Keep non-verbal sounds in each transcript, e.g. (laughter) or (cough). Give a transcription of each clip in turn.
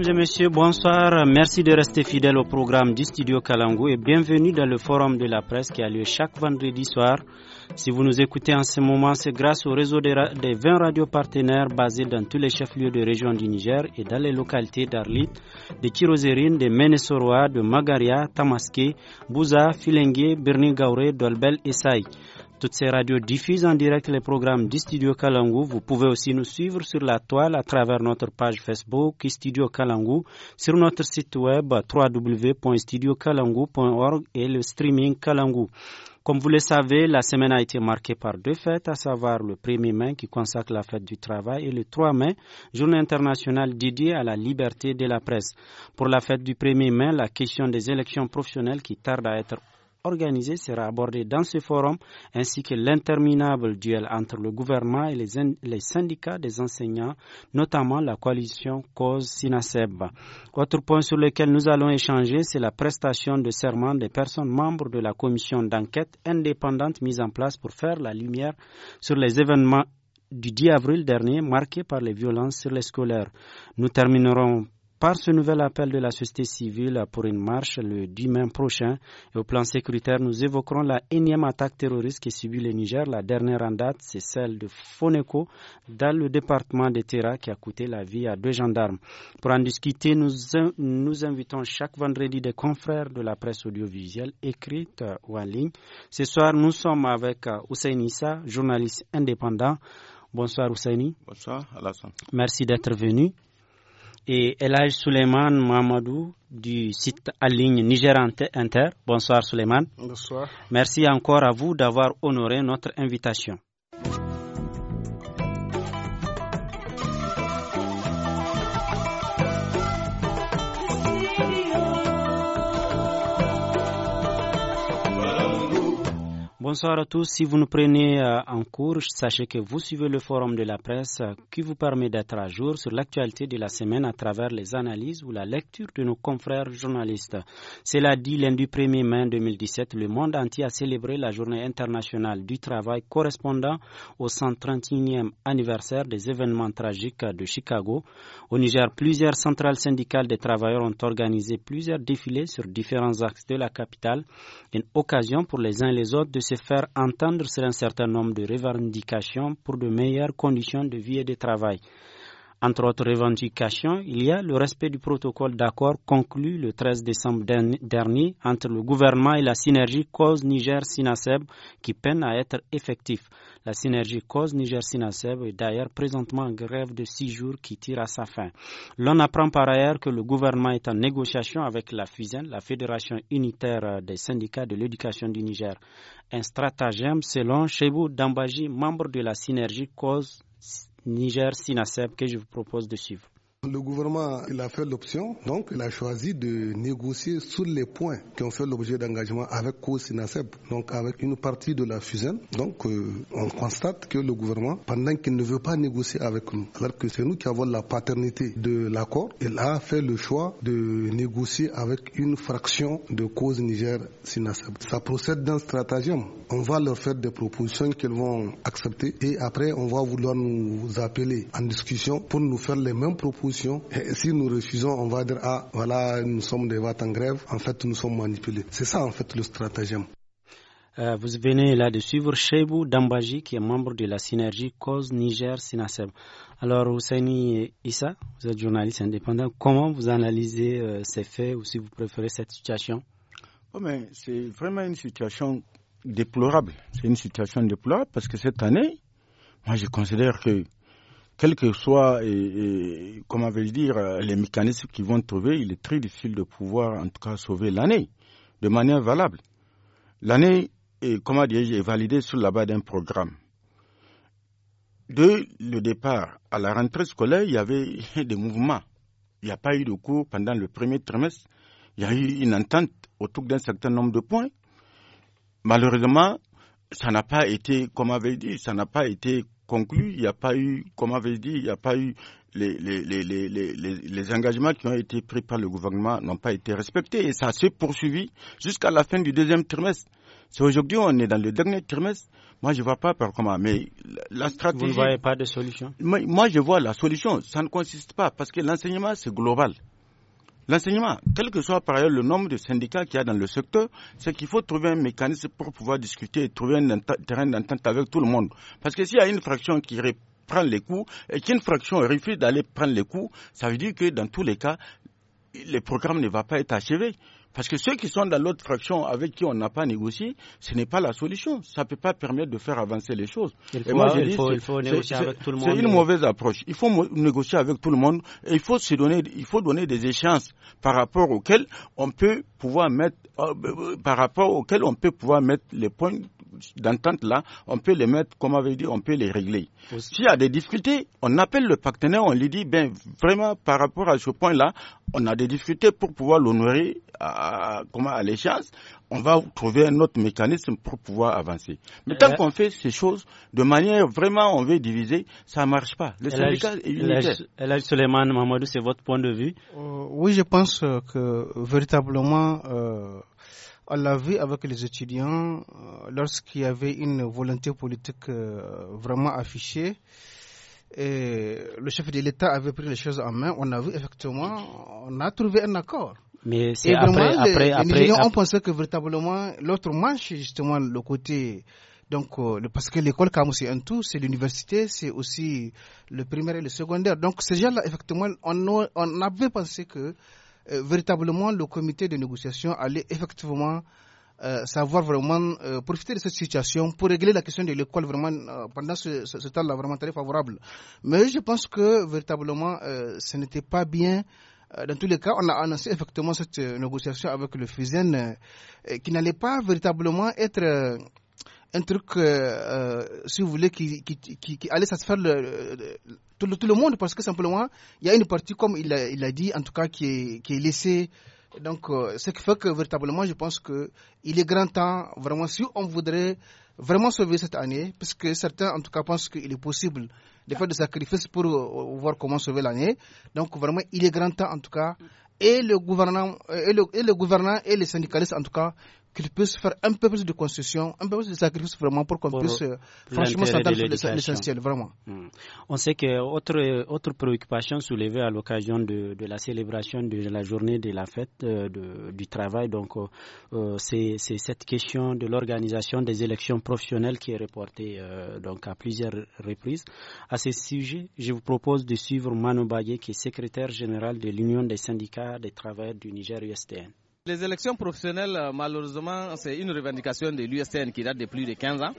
Mesdames et messieurs, bonsoir. Merci de rester fidèles au programme du studio Kalangou et bienvenue dans le forum de la presse qui a lieu chaque vendredi soir. Si vous nous écoutez en ce moment, c'est grâce au réseau des, 20 radios partenaires basés dans tous les chefs-lieux de région du Niger et dans les localités d'Arlit, de Kirozerine, de Menesoroa, de Magaria, Tamaské, Bouza, Filengue, Gauré, Dolbel et Saï. Toutes ces radios diffusent en direct les programmes du Studio Kalangu. Vous pouvez aussi nous suivre sur la toile à travers notre page Facebook Studio Kalangu, sur notre site web www.studiokalangu.org et le streaming Kalangu. Comme vous le savez, la semaine a été marquée par deux fêtes, à savoir le 1er mai qui consacre la fête du travail et le 3 mai, journée internationale dédiée à la liberté de la presse. Pour la fête du 1er mai, la question des élections professionnelles qui tarde à être organisé sera abordé dans ce forum, ainsi que l'interminable duel entre le gouvernement et les, syndicats des enseignants, notamment la coalition Cause-Sinaseb. Autre point sur lequel nous allons échanger, c'est la prestation de serment des personnes membres de la commission d'enquête indépendante mise en place pour faire la lumière sur les événements du 10 avril dernier marqués par les violences sur les scolaires. Nous terminerons par ce nouvel appel de la société civile pour une marche le dimanche prochain. Et au plan sécuritaire, nous évoquerons la énième attaque terroriste qui subit le Niger. La dernière en date, c'est celle de Foneko dans le département de Terra qui a coûté la vie à deux gendarmes. Pour en discuter, nous, invitons chaque vendredi des confrères de la presse audiovisuelle écrite ou en ligne. Ce soir, nous sommes avec Hussein Issa, journaliste indépendant. Bonsoir Ousseini. Bonsoir Alassane. Merci d'être venu et Elage Suleiman Mamadou du site à ligne Niger Inter. Bonsoir Suleiman. Bonsoir. Merci encore à vous d'avoir honoré notre invitation. Bonsoir à tous. Si vous nous prenez euh, en cours, sachez que vous suivez le forum de la presse euh, qui vous permet d'être à jour sur l'actualité de la semaine à travers les analyses ou la lecture de nos confrères journalistes. Cela dit, lundi 1er mai 2017, le monde entier a célébré la journée internationale du travail correspondant au 131e anniversaire des événements tragiques de Chicago. Au Niger, plusieurs centrales syndicales des travailleurs ont organisé plusieurs défilés sur différents axes de la capitale, une occasion pour les uns et les autres de se faire entendre sur un certain nombre de revendications pour de meilleures conditions de vie et de travail. Entre autres revendications, il y a le respect du protocole d'accord conclu le 13 décembre dernier entre le gouvernement et la synergie cause Niger-Sinaseb qui peine à être effectif. La synergie cause Niger-Sinaseb est d'ailleurs présentement en grève de six jours qui tire à sa fin. L'on apprend par ailleurs que le gouvernement est en négociation avec la FUSEN, la Fédération unitaire euh, des syndicats de l'éducation du Niger. Un stratagème selon Chebou Dambaji, membre de la synergie cause Niger Sinaseb que je vous propose de suivre. Le gouvernement, il a fait l'option, donc il a choisi de négocier sur les points qui ont fait l'objet d'engagement avec cause SINASEB, donc avec une partie de la fusaine. Donc euh, on constate que le gouvernement, pendant qu'il ne veut pas négocier avec nous, alors que c'est nous qui avons la paternité de l'accord, il a fait le choix de négocier avec une fraction de cause Niger-Sinaseb. Ça procède d'un stratagème. On va leur faire des propositions qu'ils vont accepter et après on va vouloir nous appeler en discussion pour nous faire les mêmes propositions et si nous refusons, on va dire, ah, voilà, nous sommes des vats en grève. En fait, nous sommes manipulés. C'est ça, en fait, le stratagème. Euh, vous venez là de suivre Chebou Dambaji, qui est membre de la synergie Cause Niger-Sinaseb. Alors, Ousseini Issa, vous êtes journaliste indépendant. Comment vous analysez euh, ces faits ou si vous préférez cette situation oh, C'est vraiment une situation déplorable. C'est une situation déplorable parce que cette année, moi, je considère que quels que soient, comment dire, euh, les mécanismes qu'ils vont trouver, il est très difficile de pouvoir, en tout cas, sauver l'année de manière valable. L'année est, comment dire, est validée sur la base d'un programme. De le départ à la rentrée scolaire, il y avait (laughs) des mouvements. Il n'y a pas eu de cours pendant le premier trimestre. Il y a eu une entente autour d'un certain nombre de points. Malheureusement, ça n'a pas été, comme avait dit, ça n'a pas été conclu, il n'y a pas eu, comme avait dit, il n'y a pas eu les, les, les, les, engagements qui ont été pris par le gouvernement n'ont pas été respectés et ça s'est poursuivi jusqu'à la fin du deuxième trimestre. aujourd'hui, on est dans le dernier trimestre. Moi, je ne vois pas par comment, mais la stratégie. Vous ne voyez pas de solution moi, je vois la solution. Ça ne consiste pas parce que l'enseignement, c'est global. L'enseignement, quel que soit par ailleurs le nombre de syndicats qu'il y a dans le secteur, c'est qu'il faut trouver un mécanisme pour pouvoir discuter et trouver un terrain d'entente avec tout le monde. Parce que s'il y a une fraction qui prend les coups et qu'une fraction refuse d'aller prendre les coups, ça veut dire que dans tous les cas, le programme ne va pas être achevé. Parce que ceux qui sont dans l'autre fraction avec qui on n'a pas négocié, ce n'est pas la solution. Ça ne peut pas permettre de faire avancer les choses. Il faut, négocier avec tout le monde. C'est une mauvaise approche. Il faut négocier avec tout le monde et il faut, se donner, des échéances par rapport on peut euh, euh, par rapport auxquelles on peut pouvoir mettre les points d'entente là, on peut les mettre, comme avait dit, on peut les régler. S'il y a des difficultés, on appelle le partenaire, on lui dit, ben vraiment par rapport à ce point-là, on a des difficultés pour pouvoir l'honorer à, comment à l'échéance. On va trouver un autre mécanisme pour pouvoir avancer. Mais tant euh, qu'on fait ces choses de manière vraiment on veut diviser, ça marche pas. Le syndicat est unitaire. Suleiman Mamadou, c'est votre point de vue euh, Oui, je pense euh, que véritablement. Euh on l'a vu avec les étudiants, euh, lorsqu'il y avait une volonté politique euh, vraiment affichée, et le chef de l'État avait pris les choses en main. On a vu effectivement, on a trouvé un accord. Mais c'est après, après, après, on pensait que véritablement l'autre manche, justement, le côté. Donc, euh, parce que l'école, comme c'est un tout, c'est l'université, c'est aussi le primaire et le secondaire. Donc, ces gens-là, effectivement, on, avait pensé que euh, véritablement le comité de négociation allait effectivement euh, savoir vraiment euh, profiter de cette situation pour régler la question de l'école vraiment pendant ce, temps-là vraiment très favorable. Mais je pense que véritablement ce n'était pas bien. Dans tous les cas, on a annoncé effectivement cette négociation avec le FUSEN qui n'allait pas véritablement être un truc, euh, euh, si vous voulez, qui, qui, allait satisfaire tout, le, monde, parce que simplement, il y a une partie, comme il l'a il a dit, en tout cas, qui est, qui laissée. Donc, euh, ce qui fait que véritablement, je pense qu'il est grand temps, vraiment, si on voudrait vraiment sauver cette année, puisque certains, en tout cas, pensent qu'il est possible de faire des sacrifices pour voir comment sauver l'année. Donc, vraiment, il est grand temps, en tout cas, et le gouvernement et le, et le et les syndicalistes en tout cas qu'il puisse faire un peu plus de construction, un peu plus de sacrifice, vraiment pour qu'on puisse euh, franchement s'entendre sur l'essentiel, vraiment. Hmm. On sait que autre, autre préoccupation soulevée à l'occasion de, la célébration de la journée de la fête euh, du travail, donc euh, c'est cette question de l'organisation des élections professionnelles qui est reportée donc à plusieurs reprises. À ce sujet, je vous propose de suivre Manu Baye, qui est secrétaire général de l'Union des syndicats des travailleurs du Niger USTN. Les élections professionnelles, euh, malheureusement, c'est une revendication de l'USN qui date de plus de 15 ans.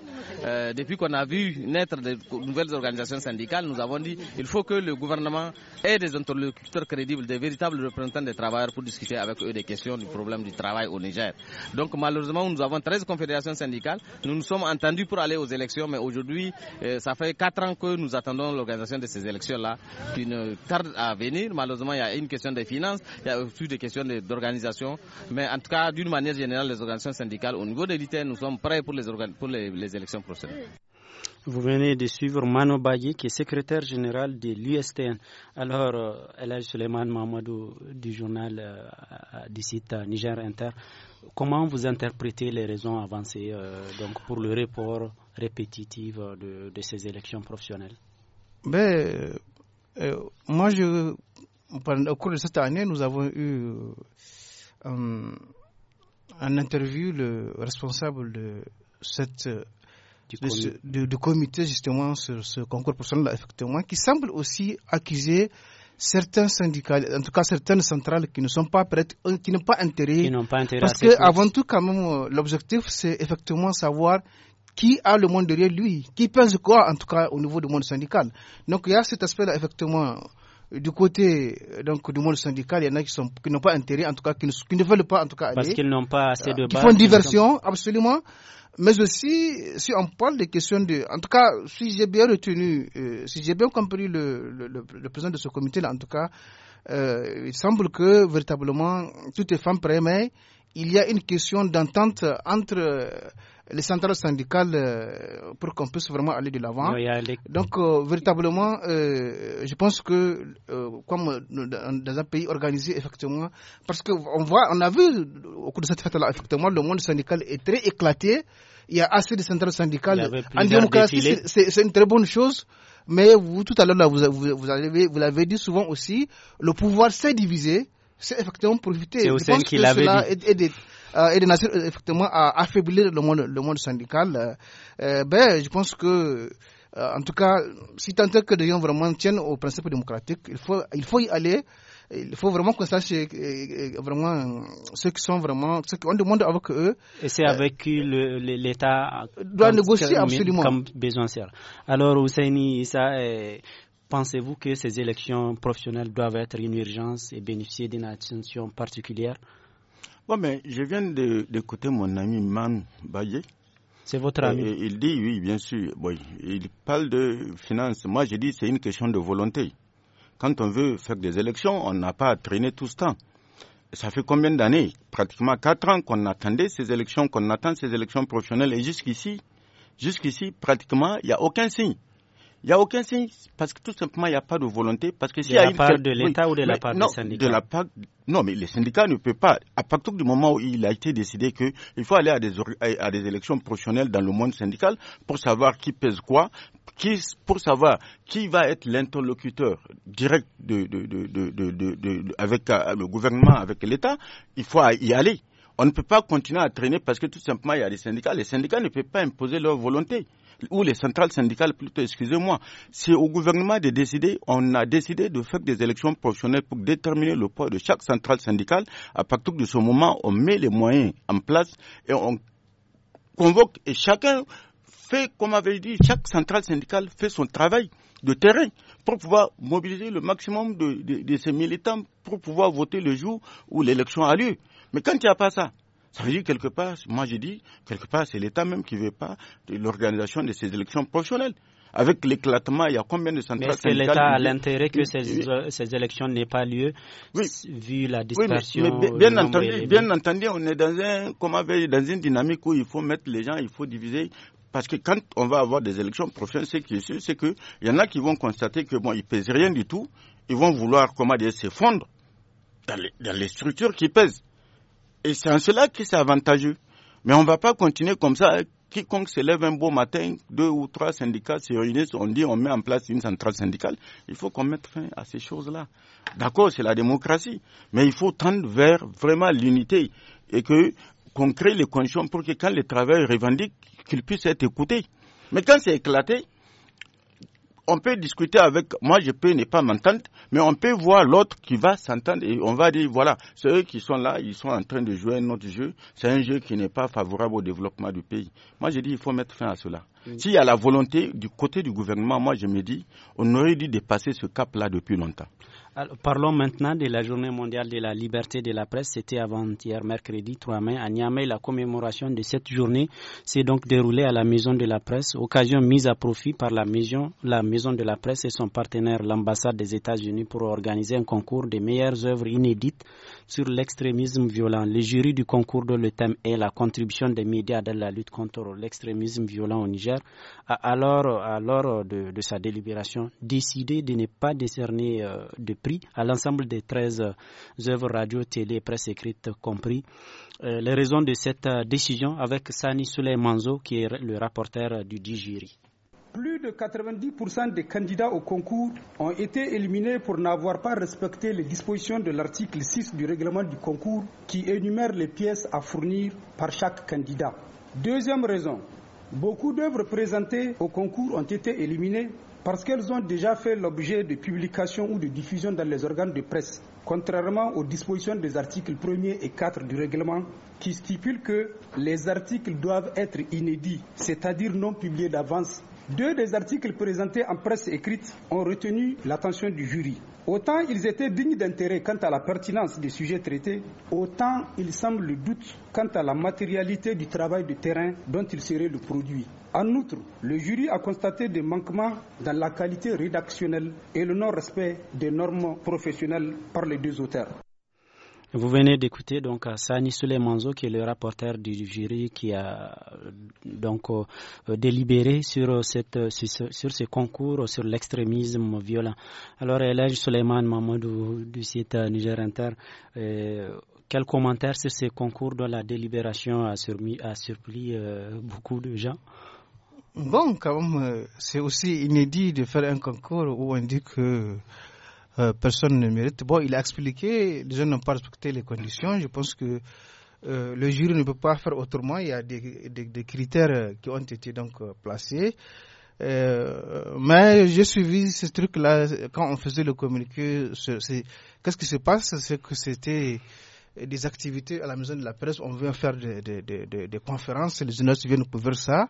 Euh, depuis qu'on a vu naître de nouvelles organisations syndicales, nous avons dit qu'il faut que le gouvernement ait des interlocuteurs crédibles, des véritables représentants des travailleurs pour discuter avec eux des questions du problème du travail au Niger. Donc malheureusement, nous avons 13 confédérations syndicales. Nous nous sommes entendus pour aller aux élections, mais aujourd'hui, euh, ça fait 4 ans que nous attendons l'organisation de ces élections-là, Une carte tarde à venir. Malheureusement, il y a une question des finances, il y a aussi des questions d'organisation. Mais en tout cas, d'une manière générale, les organisations syndicales, au niveau de l'ITN, nous sommes prêts pour les, élections professionnelles. Vous venez de suivre Mano Bayi, qui est secrétaire général de l'USTN. Alors, euh, Suleiman Mamadou du journal euh, du site euh, Niger Inter, comment vous interprétez les raisons avancées euh, pour le report répétitif de, ces élections professionnelles ben, Moi, je, au cours de cette année, nous avons eu euh, en interview, le responsable de cette euh, de comité justement sur ce concours personnel effectivement qui semble aussi accuser certains syndicats, en tout cas certaines centrales qui ne sont pas prêtes, euh, qui n'ont pas intérêt. pas parce que avant tout, quand même, l'objectif, c'est effectivement savoir qui a le monde derrière lui, qui pense quoi, en tout cas, au niveau du monde syndical. Donc, il y a cet aspect-là, effectivement, du côté euh, donc du monde syndical, il y en a qui sont qui n'ont pas intérêt, en tout cas qui ne, veulent pas en tout cas aller, parce qu'ils n'ont pas assez euh, de qui font diversion absolument. Mais aussi, si on parle des questions de, en tout cas, si j'ai bien retenu, euh, si j'ai bien compris le, le, le, président de ce comité là, en tout cas, euh, il semble que véritablement toutes les femmes prennent, mais il y a une question d'entente entre les centrales syndicales euh, pour qu'on puisse vraiment aller de l'avant. Donc, euh, véritablement, euh, je pense que, euh, comme dans un pays organisé, effectivement, parce qu'on voit, on a vu au cours de cette fête-là, effectivement, le monde syndical est très éclaté. Il y a assez de centrales syndicales. En démocratie, c'est une très bonne chose. Mais vous, tout à l'heure, vous, vous, vous l'avez dit souvent aussi, le pouvoir s'est divisé c'est effectivement profiter. C'est Hussein qu'il l'avait dit et de nature effectivement à affaiblir le monde, le monde syndical, euh, euh, ben, je pense que euh, en tout cas, si tant que les gens vraiment tiennent aux principes démocratiques, il faut, il faut y aller il faut vraiment qu'on sache vraiment ceux qui sont vraiment ceux qu'on demande avec eux. Et c'est avec l'État doit négocier absolument. Comme besoin Alors Ousseini ça pensez-vous que ces élections professionnelles doivent être une urgence et bénéficier d'une attention particulière? mais je viens d'écouter mon ami Man Baye. C'est votre ami Il dit, oui, bien sûr. il parle de finances. Moi, je dis, c'est une question de volonté. Quand on veut faire des élections, on n'a pas à traîner tout ce temps. Ça fait combien d'années Pratiquement quatre ans qu'on attendait ces élections, qu'on attend ces élections professionnelles. Et jusqu'ici, jusqu'ici, pratiquement, il n'y a aucun signe. Il n'y a aucun signe, parce que tout simplement, il n'y a pas de volonté. Parce que de la a part de l'État ou de la part des syndicats de Non, mais les syndicats ne peuvent pas. À partir du moment où il a été décidé qu'il faut aller à des, à des élections professionnelles dans le monde syndical pour savoir qui pèse quoi, qui, pour savoir qui va être l'interlocuteur direct de, de, avec euh, le gouvernement, avec l'État, il faut y aller. On ne peut pas continuer à traîner parce que tout simplement, il y a des syndicats. Les syndicats ne peuvent pas imposer leur volonté ou les centrales syndicales plutôt, excusez-moi, c'est au gouvernement de décider, on a décidé de faire des élections professionnelles pour déterminer le poids de chaque centrale syndicale. À partir de ce moment, on met les moyens en place et on convoque et chacun fait, comme avait dit, chaque centrale syndicale fait son travail de terrain pour pouvoir mobiliser le maximum de, ses militants pour pouvoir voter le jour où l'élection a lieu. Mais quand il n'y a pas ça, ça veut dire quelque part, moi j'ai dit, quelque part c'est l'État même qui ne veut pas l'organisation de ces élections professionnelles avec l'éclatement, il y a combien de centrales Mais c'est l'État à l'intérêt que ces, élections n'aient pas lieu, vu la dispersion. bien, entendu, on est dans, une dynamique où il faut mettre les gens, il faut diviser. Parce que quand on va avoir des élections professionnelles, ce qui est sûr, c'est qu'il y en a qui vont constater que bon, ils pèsent rien du tout. Ils vont vouloir, comment dire, s'effondrer dans les structures qui pèsent. Et c'est en cela que c'est avantageux. Mais on ne va pas continuer comme ça. Quiconque se lève un beau matin, deux ou trois syndicats se réunissent, on dit on met en place une centrale syndicale. Il faut qu'on mette fin à ces choses-là. D'accord, c'est la démocratie. Mais il faut tendre vers vraiment l'unité et que qu'on crée les conditions pour que quand les travailleurs revendiquent, qu'ils puissent être écoutés. Mais quand c'est éclaté, on peut discuter avec, moi je peux ne pas m'entendre, mais on peut voir l'autre qui va s'entendre et on va dire, voilà, ceux eux qui sont là, ils sont en train de jouer un autre jeu, c'est un jeu qui n'est pas favorable au développement du pays. Moi je dis, il faut mettre fin à cela. S'il y a la volonté du côté du gouvernement, moi je me dis, on aurait dû dépasser ce cap-là depuis longtemps parlons maintenant de la journée mondiale de la liberté de la presse. C'était avant-hier, mercredi 3 mai, à Niamey. La commémoration de cette journée s'est donc déroulée à la Maison de la Presse, occasion mise à profit par la Maison, la maison de la Presse et son partenaire, l'ambassade des États-Unis, pour organiser un concours des meilleures œuvres inédites sur l'extrémisme violent. Le jury du concours dont le thème est la contribution des médias dans la lutte contre l'extrémisme violent au Niger a alors, à l'heure de, sa délibération, décidé de ne pas décerner euh, de prix à l'ensemble des 13 euh, œuvres radio, télé, presse écrite compris. Euh, les raisons de cette euh, décision avec Sani Souley Manzo, qui est le rapporteur du Digiri. Plus de 90% des candidats au concours ont été éliminés pour n'avoir pas respecté les dispositions de l'article 6 du règlement du concours qui énumère les pièces à fournir par chaque candidat. Deuxième raison, beaucoup d'œuvres présentées au concours ont été éliminées parce qu'elles ont déjà fait l'objet de publications ou de diffusion dans les organes de presse, contrairement aux dispositions des articles 1 et 4 du règlement qui stipulent que les articles doivent être inédits, c'est-à-dire non publiés d'avance. Deux des articles présentés en presse écrite ont retenu l'attention du jury. Autant ils étaient dignes d'intérêt quant à la pertinence des sujets traités, autant il semble le doute quant à la matérialité du travail de terrain dont ils seraient le produit. En outre, le jury a constaté des manquements dans la qualité rédactionnelle et le non-respect des normes professionnelles par les deux auteurs. Vous venez d'écouter donc euh, Sani Soulemanzo qui est le rapporteur du jury qui a euh, donc euh, délibéré sur cette sur ce, concours sur l'extrémisme violent. Alors Elège Souleymane Mamadou du site Niger Inter quel commentaire sur ce concours dont la délibération a, surpris beaucoup de gens Bon, quand c'est aussi inédit de faire un concours où on dit que euh, personne ne mérite. Bon, il a expliqué, les gens n'ont pas respecté les conditions. Je pense que euh, le jury ne peut pas faire autrement. Il y a des, critères euh, qui ont été donc placés. mais j'ai suivi ce truc-là quand on faisait le communiqué. Qu'est-ce qui se passe C'est que c'était des activités à la maison de la presse. On vient faire des, conférences. Les jeunes viennent couvrir ça.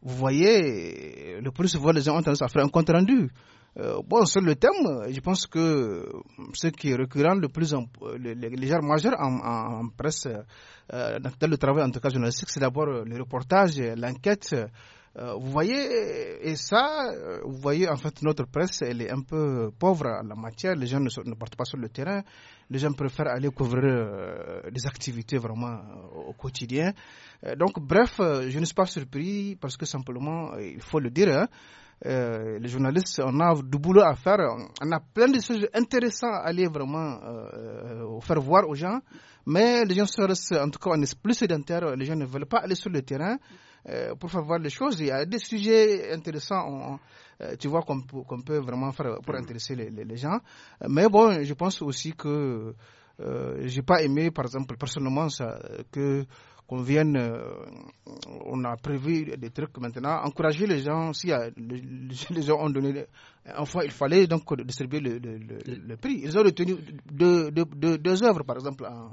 Vous voyez, le plus souvent, les gens ont tendance à faire un compte rendu. Euh, bon, sur le thème, je pense que ce qui est récurrent le plus, en, les, les majeurs en, presse, euh, dans le travail en tout cas journalistique, c'est d'abord euh, le reportage, l'enquête. Euh, vous voyez, et ça, vous voyez, en fait, notre presse, elle est un peu pauvre en la matière. Les gens ne, ne partent pas sur le terrain. Les gens préfèrent aller couvrir des activités vraiment au quotidien. donc, bref, je ne suis pas surpris parce que simplement, il faut le dire, hein, euh, les journalistes, on a du boulot à faire. On a plein de sujets intéressants à aller vraiment euh, euh, faire voir aux gens. Mais les gens, en tout cas, on est plus sédentaires. Les gens ne veulent pas aller sur le terrain euh, pour faire voir les choses. Il y a des sujets intéressants. On, tu vois qu'on peut vraiment faire pour mm. intéresser les, gens. Mais bon, je pense aussi que euh, j'ai pas aimé, par exemple, personnellement, ça, que qu'on vienne, euh, on a prévu des trucs maintenant, encourager les gens, si (laughs) les, gens ont donné, enfin il fallait donc distribuer le, le, prix. Ils ont retenu deux, deux, deux, deux œuvres par exemple en,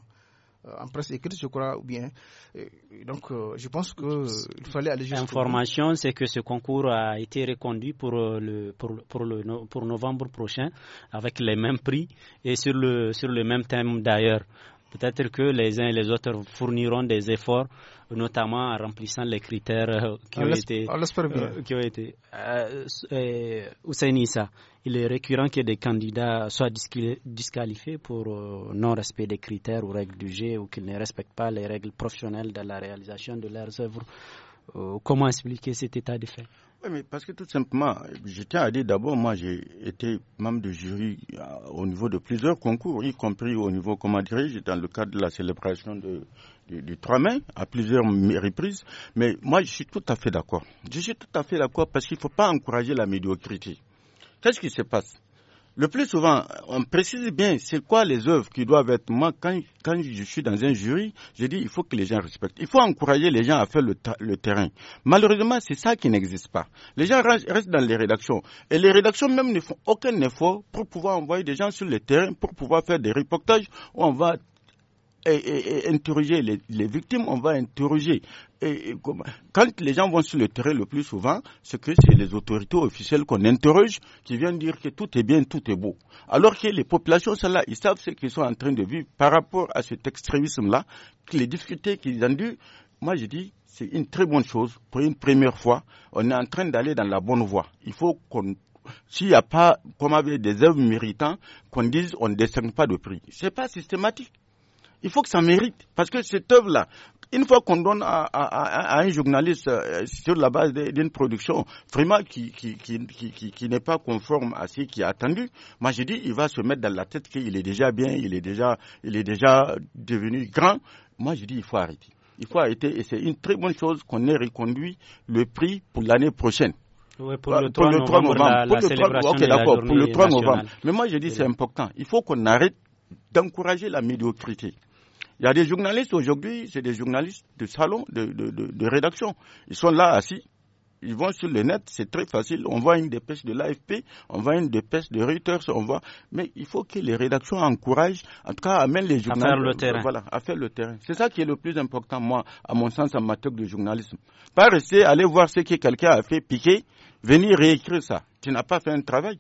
euh, en presse écrite, je crois, ou bien. Euh, donc, euh, je pense qu'il fallait aller jusqu'au. L'information, c'est que ce concours a été reconduit pour, le, pour, pour, le, pour novembre prochain avec les mêmes prix et sur le, sur le même thème d'ailleurs. Peut-être que les uns et les autres fourniront des efforts notamment en remplissant les critères euh, ah, ah, euh, qui ont été. qui euh, il est récurrent que des candidats soient disqualifiés pour non-respect des critères ou règles du jeu ou qu'ils ne respectent pas les règles professionnelles de la réalisation de leurs œuvres. comment expliquer cet état de fait oui, mais parce que tout simplement, je tiens à dire d'abord, moi j'ai été membre de jury euh, au niveau de plusieurs concours, y compris au niveau, comment dirais-je, dans le cadre de la célébration du, du, 3 mai, à plusieurs reprises. Mais moi je suis tout à fait d'accord. Je suis tout à fait d'accord parce qu'il ne faut pas encourager la médiocrité. Qu'est-ce qui se passe le plus souvent, on précise bien c'est quoi les œuvres qui doivent être. Moi, quand, je suis dans un jury, je dis il faut que les gens respectent. Il faut encourager les gens à faire le, le terrain. Malheureusement, c'est ça qui n'existe pas. Les gens restent dans les rédactions. Et les rédactions même ne font aucun effort pour pouvoir envoyer des gens sur le terrain, pour pouvoir faire des reportages où on va et, interroger les, victimes, on va interroger. Et, quand les gens vont sur le terrain le plus souvent, c'est que c'est les autorités officielles qu'on interroge qui viennent dire que tout est bien, tout est beau. Alors que les populations, là, ils savent ce qu'ils sont en train de vivre par rapport à cet extrémisme-là, les difficultés qu'ils ont dues. Moi, je dis, c'est une très bonne chose. Pour une première fois, on est en train d'aller dans la bonne voie. Il faut qu'on s'il n'y a pas, comme avec des œuvres méritantes, qu'on dise on ne décerne pas de prix. Ce n'est pas systématique. Il faut que ça mérite. Parce que cette œuvre-là, une fois qu'on donne à, un journaliste euh, sur la base d'une production vraiment qui, n'est pas conforme à ce qui est attendu, moi je dis il va se mettre dans la tête qu'il est déjà bien, il est déjà, devenu grand. Moi je dis il faut arrêter. Il faut arrêter et c'est une très bonne chose qu'on ait reconduit le prix pour l'année prochaine. pour, le 3 novembre. Pour le 3 novembre. Mais moi je dis c'est important. Il faut qu'on arrête d'encourager la médiocrité. Il y a des journalistes aujourd'hui, c'est des journalistes de salon, de, rédaction. Ils sont là assis. Ils vont sur le net, c'est très facile. On voit une dépêche de l'AFP, on voit une dépêche de Reuters, on voit. Mais il faut que les rédactions encouragent, en tout cas amènent les journalistes à faire le terrain. Voilà, à faire le terrain. C'est ça qui est le plus important, moi, à mon sens, en matière de journalisme. Pas rester, aller voir ce que quelqu'un a fait, piquer, venir réécrire ça. Tu n'as pas fait un travail.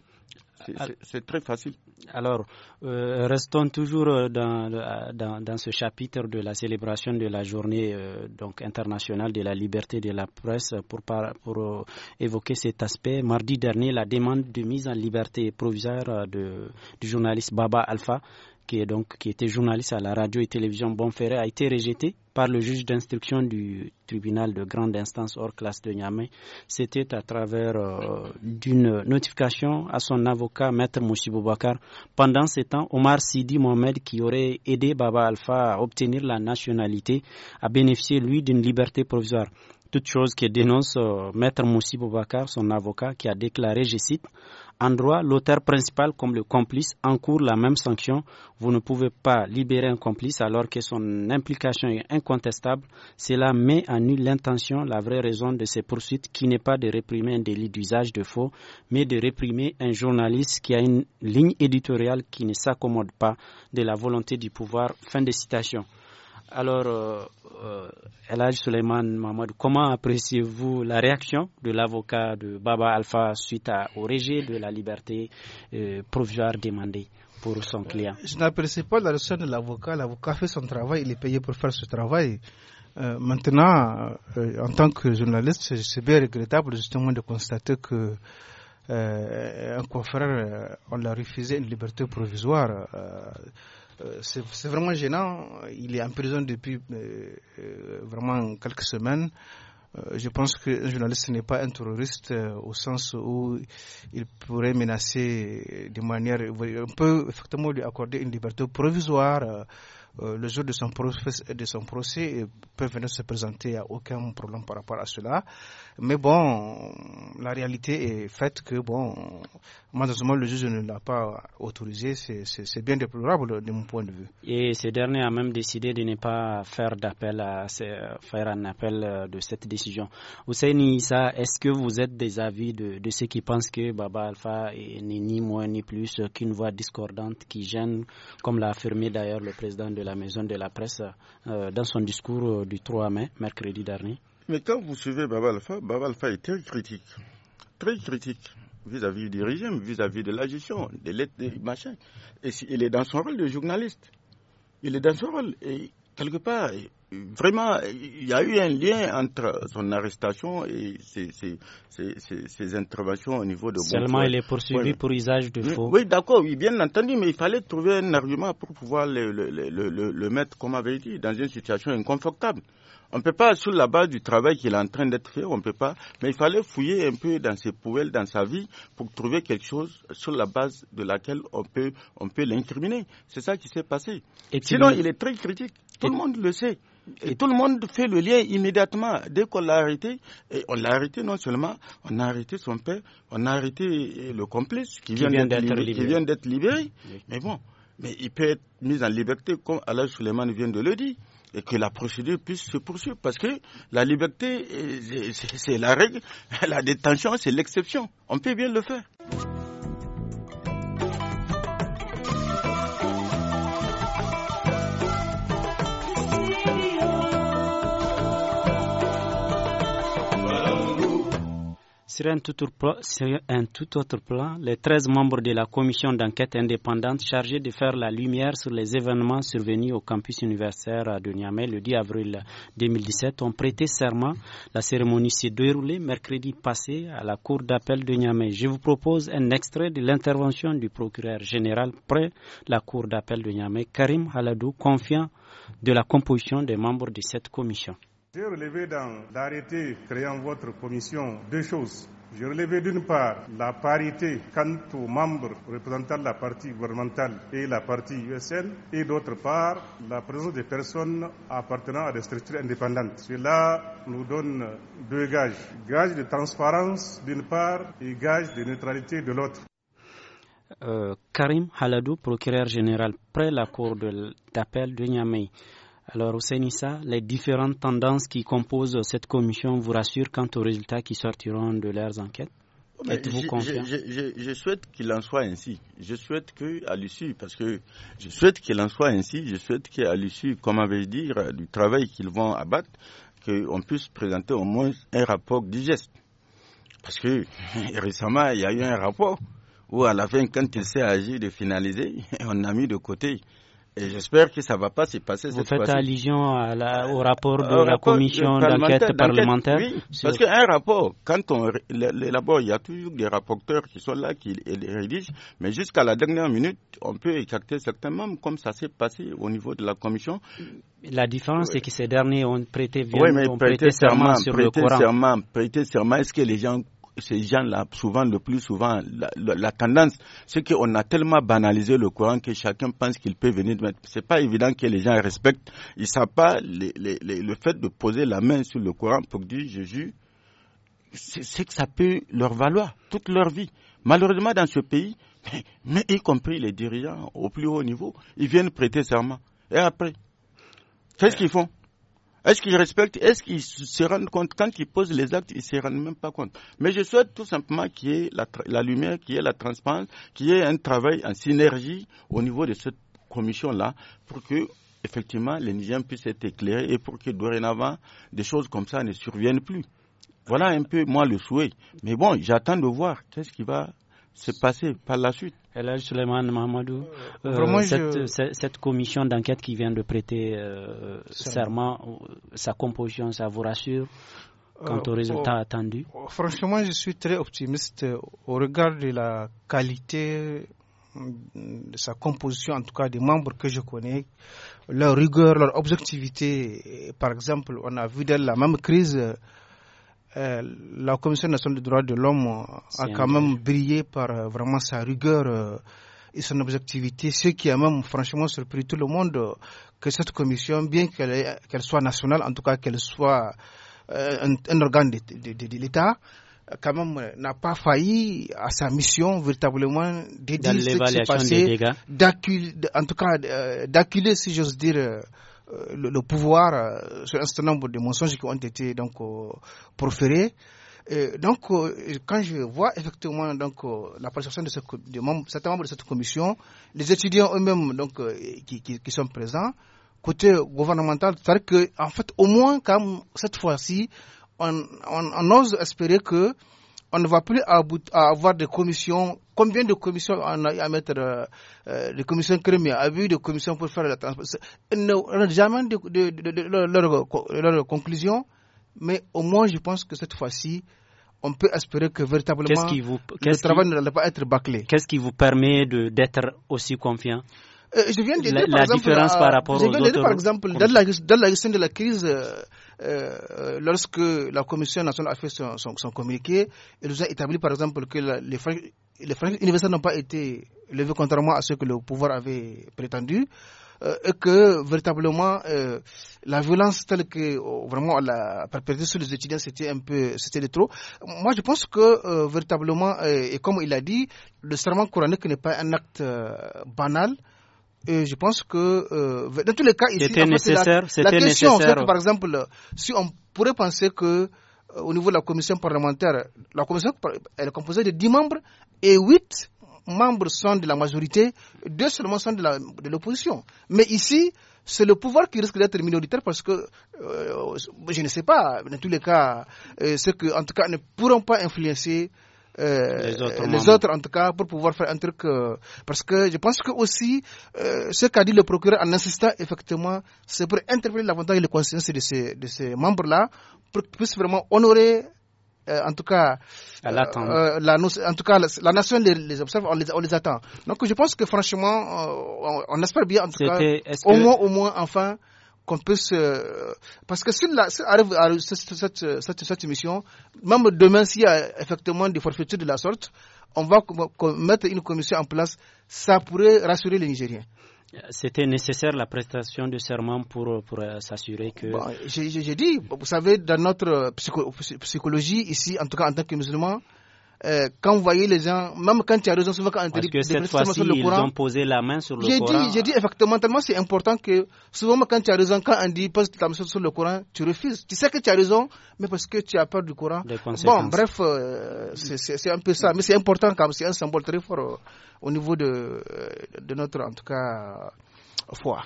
C'est ah. très facile. Alors, euh, restons toujours dans, dans, ce chapitre de la célébration de la journée euh, donc internationale de la liberté de la presse pour, pour euh, évoquer cet aspect. Mardi dernier, la demande de mise en liberté provisoire de, du journaliste Baba Alpha qui, donc, qui était journaliste à la radio et télévision Bonferré, a été rejeté par le juge d'instruction du tribunal de grande instance hors classe de Niamey. C'était à travers une euh, d'une notification à son avocat, Maître Moussi Boubacar. Pendant ce temps, Omar Sidi Mohamed, qui aurait aidé Baba Alpha à obtenir la nationalité, a bénéficié, lui, d'une liberté provisoire toute chose que dénonce euh, Maître Moussi Boubacar, son avocat, qui a déclaré, je cite, en droit, l'auteur principal comme le complice encourt la même sanction. Vous ne pouvez pas libérer un complice alors que son implication est incontestable. Cela met à nu l'intention, la vraie raison de ces poursuites qui n'est pas de réprimer un délit d'usage de faux, mais de réprimer un journaliste qui a une ligne éditoriale qui ne s'accommode pas de la volonté du pouvoir. Fin de citation. Alors, euh, euh Elhaj Suleiman Mahmoud, comment appréciez-vous la réaction de l'avocat de Baba Alpha suite au rejet de la liberté euh, provisoire demandée pour son euh, client Je n'apprécie pas la réaction de l'avocat. L'avocat fait son travail, il est payé pour faire ce travail. maintenant, en tant que journaliste, c'est bien regrettable justement de constater que un confrère, on l'a refusé une liberté provisoire euh, c'est vraiment gênant. Il est en prison depuis euh, euh, vraiment quelques semaines. Je pense qu'un journaliste n'est pas un terroriste au sens où il pourrait menacer de manière... On peut effectivement lui accorder une liberté provisoire. Euh, le jour de son, procès, de son procès euh, peut venir se présenter, il n'y a aucun problème par rapport à cela. Mais bon, la réalité est faite que, bon, malheureusement, le juge ne l'a pas autorisé. C'est bien déplorable de mon point de vue. Et ce dernier a même décidé de ne pas faire d'appel à faire un appel euh, de cette décision. Ousseini ça est-ce que vous êtes des avis de, de ceux qui pensent que Baba Alpha n'est ni moins ni plus qu'une voix discordante qui gêne, comme l'a affirmé d'ailleurs le président de la maison de la presse euh, dans son discours euh, du 3 mai, mercredi dernier Mais quand vous suivez Baba Alpha, Baba Alpha est très critique, très critique vis-à-vis du régime, vis-à-vis de la gestion, de l'aide, machins. Et il est dans son rôle de journaliste. Il est dans son rôle. Et quelque part, vraiment, il y a eu un lien entre son arrestation et ses, interventions au niveau de Seulement, il est poursuivi pour usage de faux. Oui, d'accord, oui, bien entendu, mais il fallait trouver un argument pour pouvoir le, le, le, le mettre, comme avait dit, dans une situation inconfortable. On ne peut pas, sur la base du travail qu'il est en train d'être fait, on ne peut pas. Mais il fallait fouiller un peu dans ses poubelles, dans sa vie, pour trouver quelque chose sur la base de laquelle on peut, on peut l'incriminer. C'est ça qui s'est passé. Sinon, il est très critique. Tout le monde le sait. Et tout le monde fait le lien immédiatement. Dès qu'on l'a arrêté, et on l'a arrêté non seulement, on a arrêté son père, on a arrêté euh, le complice qui, vient, d'être libéré. Mais bon, mais il peut être mis en liberté comme Alain Suleiman vient de le dire et que la procédure puisse se poursuivre. Parce que la liberté, euh, c'est la règle, (laughs) la détention, c'est l'exception. On peut bien le faire. Sur un tout, autre plan, les 13 membres de la commission d'enquête indépendante chargée de faire la lumière sur les événements survenus au campus universitaire de Niamey le 10 avril 2017 ont prêté serment. La cérémonie s'est déroulée mercredi passé à la cour d'appel de Niamey. Je vous propose un extrait de l'intervention du procureur général près la cour d'appel de Niamey, Karim Haladou, confiant de la composition des membres de cette commission. J'ai relevé dans l'arrêté créant votre commission deux choses. J'ai relevé d'une part la parité quant aux membres représentant la partie gouvernementale et la partie USN, et d'autre part la présence des personnes appartenant à des structures indépendantes. Cela nous donne deux gages. Gage de transparence d'une part et gage de neutralité de l'autre. Euh, Karim Haladou, procureur général près la cour d'appel de Niamey. Alors, au Ousenissa, les différentes tendances qui composent cette commission vous rassurent quant aux résultats qui sortiront de leurs enquêtes oh, je, souhaite qu'il en soit ainsi. Je souhaite que, à l'issue, parce que je souhaite qu'il en soit ainsi, je souhaite qu'à l'issue, comme avait euh, du travail qu'ils vont abattre, qu'on puisse présenter au moins un rapport digeste. Parce que (laughs) récemment, il y a eu un rapport où, à la fin, quand il s'est agi de finaliser, (laughs) on a mis de côté et j'espère que ça ne va pas se passer Vous faites allusion au rapport de euh, la commission d'enquête parlementaire, parce qu'un rapport, quand on l'élabore, il y a toujours des rapporteurs qui sont là, qui les rédigent, mais jusqu'à la dernière minute, on peut écarter certainement comme ça s'est passé au niveau de la commission. La différence, c'est que ces derniers ont prêté, oui, prêté, serment, le Serment, prêté serment, est-ce que les gens ces gens-là, souvent, le plus souvent, la, tendance, c'est qu'on a tellement banalisé le Coran que chacun pense qu'il peut venir. Ce n'est pas évident que les gens respectent. Ils ne savent pas le fait de poser la main sur le Coran pour dire Jésus. C'est que ça peut leur valoir toute leur vie. Malheureusement, dans ce pays, (laughs) mais, y compris les dirigeants au plus haut niveau, ils viennent prêter serment. Et après, qu'est-ce qu'ils font est-ce qu'ils respectent Est-ce qu'ils se rendent compte Quand ils posent les actes, ils ne se rendent même pas compte. Mais je souhaite tout simplement qu'il y ait la, la lumière, qu'il y ait la transparence, qu'il y ait un travail en synergie au niveau de cette commission-là pour que effectivement les Nigériens puissent être éclairés et pour que dorénavant des choses comme ça ne surviennent plus. Voilà un peu moi le souhait. Mais bon, j'attends de voir qu'est-ce qui va se passer par la suite. Elal Suleiman Mahamadou, euh, euh, cette, commission d'enquête qui vient de prêter euh, serment, sa composition, ça vous rassure quant au résultat oh, attendu Franchement, je suis très optimiste au regard de la qualité mm, de sa composition, en tout cas des membres que je connais, leur rigueur, leur objectivité. Par exemple, on a vu d'elle la même crise euh, la Commission nationale des droits de l'homme euh, a quand même brillé par euh, vraiment sa rigueur et son objectivité, ce qui a même franchement surpris tout le monde que cette commission, bien qu'elle soit nationale, en tout cas qu'elle soit un, organe de, l'État, quand même n'a pas failli à sa mission véritablement d'évaluer ce qui s'est passé, en tout cas d'acculer, si j'ose dire, euh, le, pouvoir euh, sur un certain nombre de mensonges qui ont été donc euh, proférés. donc, quand je vois effectivement donc, la participation de, certains membres de cette commission, les étudiants eux-mêmes donc, qui, qui, sont présents, côté gouvernemental, c'est-à-dire qu'en en fait, au moins, comme cette fois-ci, on, on, ose espérer que on ne va plus avoir des commissions Combien de commissions on a à mettre, euh, euh, Les commissions crémières, à vu de commissions pour faire la transparence On n'a jamais de, de, leur, conclusion, mais au moins je pense que cette fois-ci, on peut espérer que véritablement le travail qui, ne va pas être bâclé. Qu'est-ce qui vous permet d'être aussi confiant euh, je viens de dire, la, différence par rapport je viens aux par exemple, dans la, dans la, gestion de la crise, lorsque la Commission nationale a fait son, son, communiqué, elle nous a établi, par exemple, que les les frères universitaires n'ont pas été levés contrairement à ce que le pouvoir avait prétendu euh, et que véritablement euh, la violence telle que euh, vraiment la perpétrée sur les étudiants c'était un peu c'était de trop. Moi je pense que véritablement et comme il a dit le serment coranique n'est pas un acte banal. Et je pense que dans tous les cas ici nécessaire fait, la, la, question c'est par exemple si on pourrait penser que au niveau de la commission parlementaire, la commission elle est composée de 10 membres et 8 membres sont de la majorité, deux seulement sont de l'opposition. Mais ici, c'est le pouvoir qui risque d'être minoritaire parce que, euh, je ne sais pas, dans tous les cas, euh, ceux qui, que, en tout cas, ne pourront pas influencer euh, les autres, les en tout cas, pour pouvoir faire un truc. Euh, parce que je pense que aussi, euh, ce qu'a dit le procureur en insistant, effectivement, c'est pour interpeller l'avantage et les consciences de ces, de ces membres-là, pour qu'ils puissent vraiment honorer en tout cas, la, en tout cas, la, nation les, observe, on les, on les attend. Donc, je pense que franchement, on, on, espère bien, en tout cas, au moins, au moins, enfin, qu'on puisse Parce que si arrive à cette, cette, cette, mission, même demain, s'il y a effectivement des forfaitures de la sorte, on va mettre une commission en place. Ça pourrait rassurer les Nigériens. C'était nécessaire la prestation de serment pour, pour euh, s'assurer que. J'ai dit, vous savez, dans notre psychologie ici, en tout cas en tant que musulman euh, quand vous voyez les gens, même quand tu as raison, souvent quand on dit que cette fois-ci, ils ont posé la main sur le j'ai Coran. j'ai dit, effectivement, tellement c'est important que souvent quand tu as raison, quand on dit pose ta main sur le Coran, tu refuses. Tu sais que tu as raison, mais parce que tu as peur du Coran. Bon, bref, euh, c'est, un peu ça. Mais c'est important quand même, c'est un symbole très fort euh, au niveau de, de notre, en tout cas, foi.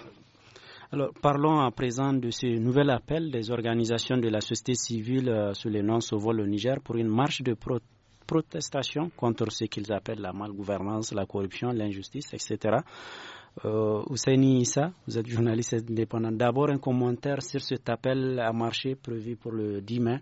Alors, parlons à présent de ce nouvel appel des organisations de la société civile sur les non Sovol au Niger pour une marche de protestation protestation contre ce qu'ils appellent la malgouvernance, la corruption, l'injustice, etc. Euh, Issa, vous êtes journaliste indépendant. D'abord, un commentaire sur cet appel à marché prévu pour le 10 mai